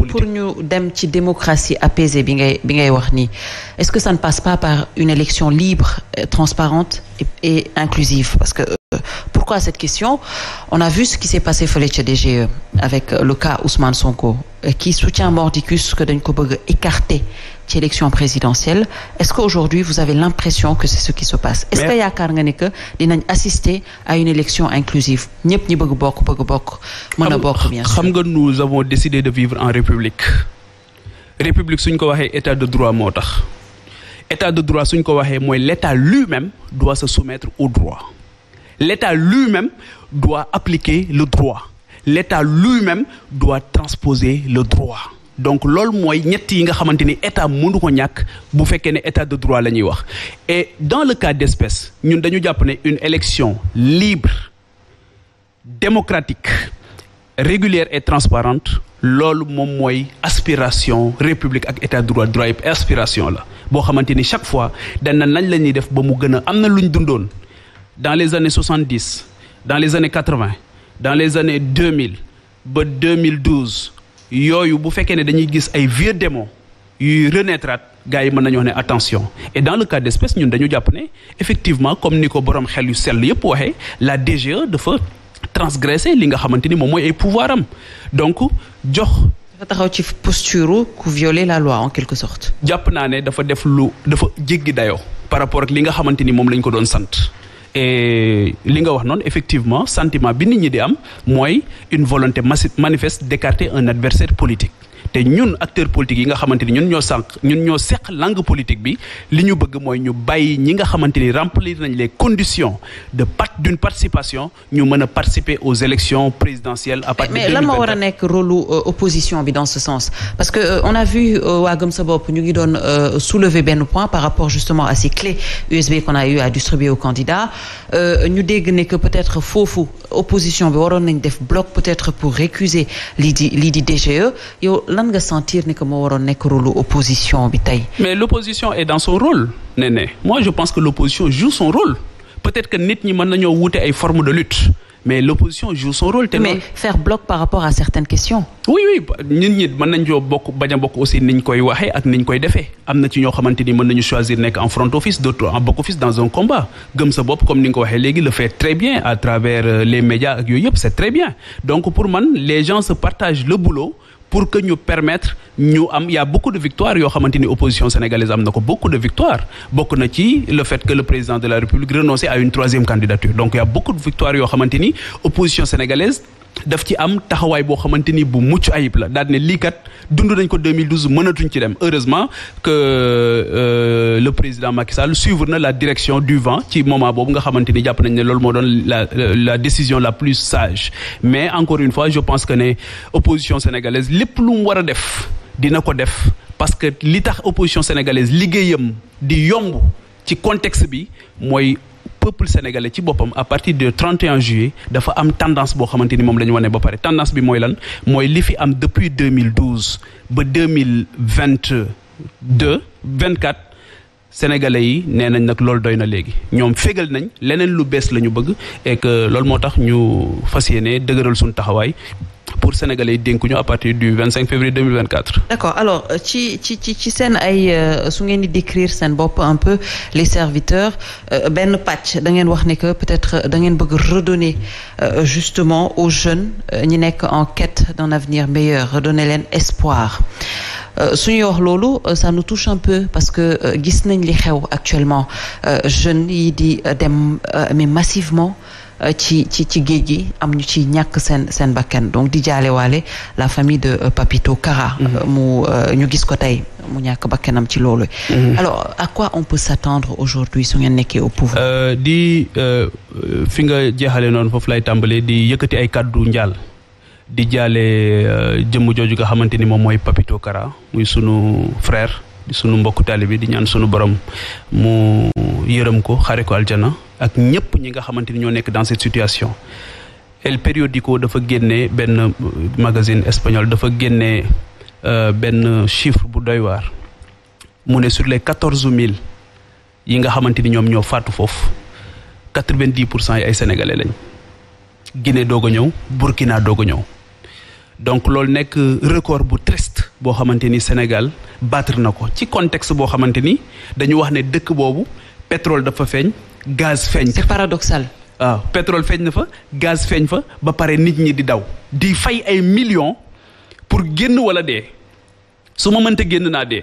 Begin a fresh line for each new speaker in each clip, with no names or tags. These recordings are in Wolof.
pour ñu dem ci démocratie apaisée bi ngay bi ngay wax nii est-ce que ça ne passe pas par une élection libre euh, transparente et, et inclusive parce que euh, pourquoi cette question on a vu ce qui s'est passé fële ca DGE avec euh, le cas Ousmane Sonko euh, qui soutient mordicus que dañ ko bëgg écarter ci élection présidentielle est-ce qu'aujourd'hui vous avez l'impression que c'est ce qui se passe est-ce que yaakaar nga ni que dinañ assister à une élection inclusive ñëpp ñi bëgg bokk bëgg bokk mën a bokk xam
nga nous avons décidé de vivre en république république suñ ko waxee état de droit moo tax état de droit suñ ko waxee mooy l'état lui-même doit se soumettre au droit l'état lui-même doit appliquer le droit l'état lui-même doit transposer le droit donc loolu mooy ñetti yi nga xamante ni état mënu ko ñàkk bu fekkee ne état de droit la ñuy wax et dans le cas d'espèce ñun dañu jàpp ne une élection libre démocratique régulière et transparente loolu moom mooy aspiration république ak état de droit droit yëpp aspiration la boo xamante ni chaque fois dañ nañ la ñuy def ba mu gën a am na lu ñu dundoon dans les années 70 dans les années 80 dans les années 2000 ba 2012 yooyu bu fekkee ne dañuy gis ay vieux démons yuy renaîtraat gars yi mën nañoo wax ne attention et dans le cas d'espèce ñun dañu jàpp ne effectivement comme ni ko borom xel yu sell yëpp waxee la DGE dafa transgressé li nga xamante ni moom mooy ay pouvoir am donc jox. dafa taxaw ci posture ku violer la loi en quelque sorte. jàpp naa ne dafa def lu dafa jéggi dayoo. par rapport ak li nga xamante ni moom lañ ko doon sant. et li nga wax noonu effectivement sentiment bi nit ñi di am mooy une volonté manifeste d'écarter un adversaire politique te ñun acteur politique yi nga xamante ni ñun ñoo sànq ñun ñoo seq langue politique bi li ñu bëgg mooy ñu bàyyi ñi nga xamante ni remplir nañ les conditions de part d'une participation ñu mën a participer aux élections présidentielles à mais lan moo war a
nekk rôle euh, opposition bi dans ce sens parce que euh, on a vu euh, waa Gëm sa bopp ñu ngi doon euh, soulever benn point par rapport justement à ces clés USB qu'on a eu à distribuer aux candidats ñu dégg ne que peut-être foofu opposition bi waroon nañ def bloc peut-être pour récuser lii di lii di DGE lan nga sentir ni que moo waroon nekk rôle opposition bi tey.
mais l'opposition est dans son rôle. Néné moi je pense que l'opposition joue son rôle peut-être que nit ñi mën nañoo wuute ay formes de lutte. mais l'opposition joue son rôle. mais faire bloc par rapport à certaines questions. oui oui nit ñi mën nañ joo bokk aussi niñ koy waxee ak niñ koy defee am ci ñoo xamante ni nañu choisir nekk en front office d'autres en back office dans un combat pour que ñu permettre ñu am a beaucoup de victoires yoo xamante ni opposition sénégalaise am na ko beaucoup de victoires bokk na ci le fait que le président de la république renonçait à une troisième candidature donc y' a beaucoup de victoires yoo xamante opposition sénégalaise daf ci am taxawaay boo xamante ni bu mucc ayib la daal ne lii kat dund nañ ko 2012 mënatuñ ci dem heureusement que euh, le président Macky Sall suivre na la direction du vent ci moment boobu nga xamante ni jàpp nañ ne loolu moo doon la la décision la plus sage mais encore une fois je pense que ne opposition sénégalaise lépp lu mu war a def dina ko def parce que li tax opposition sénégalaise liggéeyam di yomb ci contexte bi mooy peuple sénégalais ci boppam à partir du 31 juillet dafa am tendance boo xamante ni moom lañu ñu wane ba pare tendance bi mooy lan mooy li fi am depuis 2012 ba 2022 24 sénégalais yi nee nañ nag loolu doy na léegi ñoom fégal nañ leneen lu bees la ñu bëgg et que loolu moo tax ñu fas yéene dëgëral suñu taxawaay pour sénégalais yi dénk ñu à partir du 25 février 2024.
d'accord alors euh, ci ci ci ci seen ay euh, su ngeen di décrire seen bopp un peu les serviteurs euh, benn pàcc da ngeen wax ne que peut-être da ngeen bëgg redonner justement aux jeunes ñi nekk en quête d'un avenir meilleur redonner leen espoir su ñuy wax loolu ça nous touche un peu parce que gis nañ li xew actuellement jeunes yi di dem mais massivement. Euh, ci ci ci géej gi am ñu ci ñàkk seen seen bakkan donc di jaalewaale la famille de euh, Papito Kara mhm. euh, mu ñu gis ko tey mu ñàkk bakkenam ci loolu mhm. alors à quoi on peut s'attendre aujourd'hui su ngeen nekkee au
pouvoir di fi nga jeexale noonu foofu lay tàmbalee di yëkkati ay kaddu njaal di jaale jëmm jooju nga xamante ni moom mooy Papito Kara muy sunu frère di sunu mbokku taalibe bi di ñaan sunu borom mu yërëm ko xare ko aljana ak ñëpp ñi nga xamante ni ñoo nekk dans cette situation El Periódico dafa génne benn magazine espagnol dafa génne euh, benn chiffre bu doy waar mu ne sur les quatorze mille yi nga xamante ni ñoom ñoo faatu foofu quatre vingt pour cent yi ay sénégalais lañ Guinée doog a ñëw Burkina doog a ñëw donc loolu nekk record bu triste boo xamante ni Sénégal battre na ko ci contexte boo xamante ni dañu wax ne dëkk boobu pétrole dafa feeñ. gaz feeñ. c'est paradoxal. pétrole feeñ na fa gaz feeñ fa ba pare nit ñi di daw di fay ay millions pour génn wala dee su ma mënta génn naa dee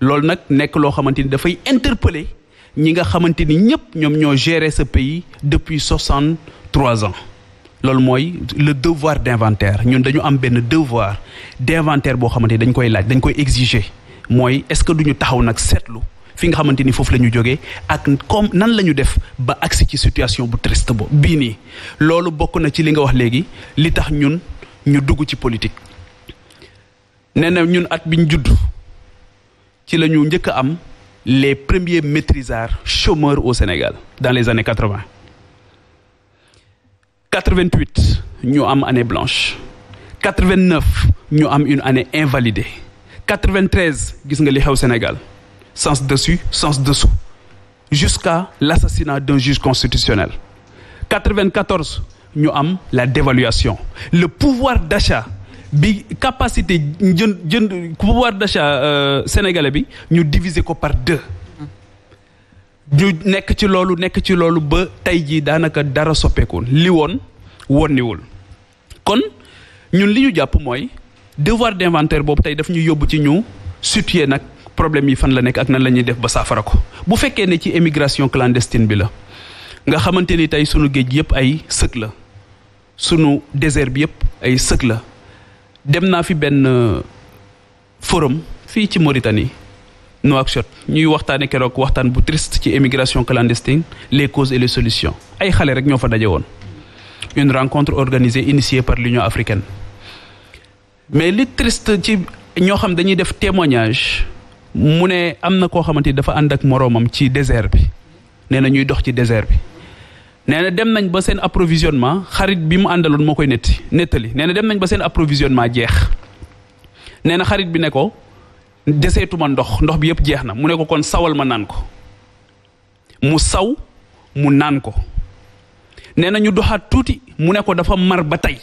loolu nag nekk loo xamante ni dafay interpeller ñi nga xamante ni ñëpp ñoom ñoo gérer sa pays depuis soixante trois ans loolu mooy le devoir d'inventaire ñun dañu am benn devoir d'inventaire boo xamante ni dañ koy laaj dañ koy exiger mooy est-ce que duñu taxaw nag seetlu. fi nga xamante ni foofu la ñu jógee ak comme nan la ñu def ba agsi ci situation bu triste bo bii nii loolu bokk na ci li nga wax léegi li tax ñun ñu dugg ci politique nee na ñun at biñ judd ci la ñu njëkk a am les premiers maîtrisards chômeurs au Sénégal dans les années quatre vingt huit ñu am année blanche quatre ñu am une année invalidée quatre gis nga li xew Sénégal. sens dessus sens dessous jusqu'à l'assassinat d'un juge constitutionnel 94 ñu am la dévaluation le pouvoir d'achat bi capacité jënd jënd pouvoir d'achat euh, sénégalais bi ñu diviser ko par deux nekk ci loolu nekk ci loolu ba tey jii daanaka dara soppeeku li woon wonniwul kon ñun li ñu jàpp mooy devoir d'inventaire boobu tey daf ñu yóbbu ci ñu sutier nag problème yi fan la nekk ak na lañuy def ba saafara ko bu fekkee ne ci émigration clandestine bi la nga xamante ni tey sunu géej yëpp ay sëg la sunu désert bi yëpp ay sëg la dem naa fi benn euh, forum fii ci Mauritanie Nouakchott ñuy waxtaane keroog waxtaan bu triste ci émigration clandestine les causes et les solutions ay xale rek ñoo fa daje woon une rencontre organisée initiée par l'Union africaine mais li triste ci ñoo xam dañuy def témoignage mu ne am na koo xamante ni dafa ànd ak moroomam ci désert bi nee na ñuy dox ci désert bi nee na dem nañ ba seen approvisionnement xarit bi mu àndaloon moo koy netti nettali nee na dem nañ ba seen approvisionnement jeex nee na xarit bi ne ko deseetuma ndox ndox bi yëpp jeex na mu ne ko kon sawal ma naan ko mu saw mu naan ko nee na ñu doxaat tuuti mu ne ko dafa mar ba tey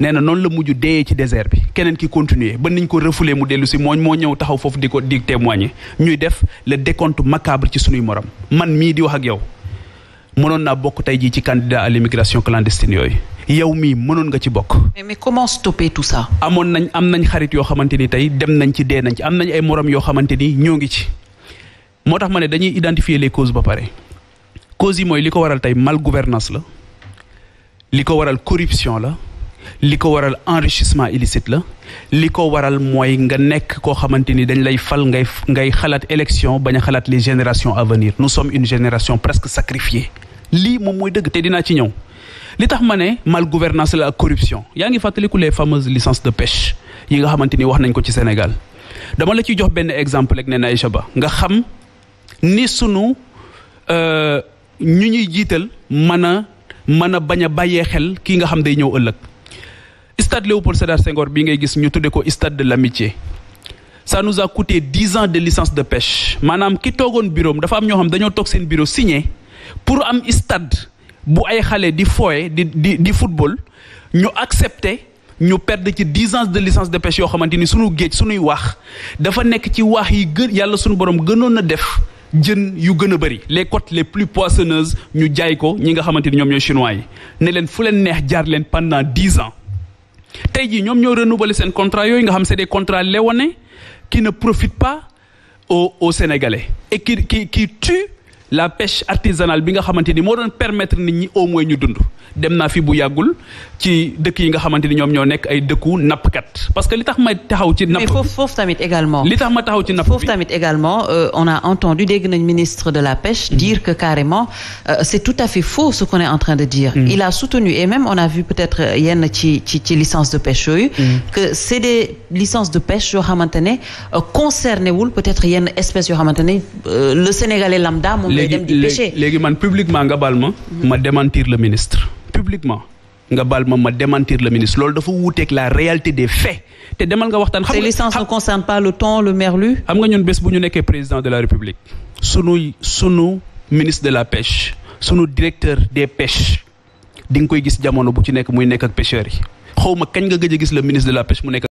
nee na noonu la mujj dee ci désert bi keneen ki continuer ba niñ ko refoulé mu dellu si mooñ moo ñëw taxaw foofu di ko di témoigner ñuy def le décompte macabre ci sunuy morom man mii di wax ak yow mënoon naa bokk tey jii ci candidat à l'immigration clandestine yooyu yow mii mënoon nga ci bokk. mais mais comment stopper amoon nañ am nañ xarit yoo xamante ni tey dem nañ ci dee nañ ci am nañu ay morom yoo xamante ni ñoo ngi ci moo tax ma ne dañuy identifier les causes ba pare causes yi mooy li ko waral tey mal gouvernance la li ko waral corruption la. li ko waral enrichissement illicite la li ko waral mooy nga nekk koo xamante ni dañ lay fal ngay ngay xalaat élection bañ a xalaat les générations à venir nous sommes une génération presque sacrifiée lii moom mooy dëgg te dinaa ci ñëw li tax ma ne mal gouvernance la ak corruption yaa ngi fàttaliku les fameuses licences de pêche yi nga xamante ni wax nañ ko ci Sénégal dama la ciy jox benn exemple rek nee na Aïcha Ba nga xam ni sunu euh, ñu ñuy jiital mën a mën a bañ a bàyyee xel kii nga xam day ñëw ëllëg stade Léopold Sédar Senghor bii ngay gis ñu tudde ko stade de l'amitié ça nous a coûté dix ans de licence de pêche maanaam ki toogoon bureau dafa am ñoo xam dañoo toog seen bureau signé pour am stade bu ay xale di fooye di di di football ñu accepté ñu perdre ci dix ans de licence de pêche yoo xamante ni suñu géej suñuy wax dafa nekk ci wax yi gën yàlla suñu borom gënoon na def jën yu gën a bëri les côtes les plus poissonneuses ñu jaay ko ñi nga xamante ni ñoom ñooy chinois yi ne leen fu leen neex jaar leen pendant dix ans tey jii ñoom ñoo renouveler seen contrat yooyu nga xam c'est des contrats léonins qui ne profitent pas aux aux Sénégalais et qui qui qui tuent la pêche artisanale bi nga xamante ni moo doon permettre nit ñi au dund dem fi bu yàggul ci dëkk yi nga xamante ni ñoom ñoo nekk ay dëkku nappkat parce que li tax ma taxaw ci napp mais foofu foofu tamit également li tax ma taxaw ci napp
tamit également euh, on a entendu dégg ministre de la pêche mm-hmm. dire que carrément euh, c'est tout à fait faux ce qu'on est en train de dire mm-hmm. il a soutenu et même on a vu peut-être euh, yenn ci ci ci licence de pêche mm-hmm. que c'est des licence de pêche yoo xamante ne euh, concerné wul peut-être yenn espèce yoo xamante ne euh, le sénégalais lambda moom lay dem di pêcher
léegi man publiquement nga baal ma ma démentir le ministre publiquement nga baal ma ma démentir le ministre lool dafa wuuteeg la réalité des faits te demal nga waxtaan. xam nga ces licences
ne le thon le merlu.
xam nga ñun bés bu ñu nekkee président de la république. sunu sunu ministre de la pêche sunu directeur des pêches di nga koy gis jamono bu ci nekk muy nekk ak pêcheurs yi xaw ma mu nekk.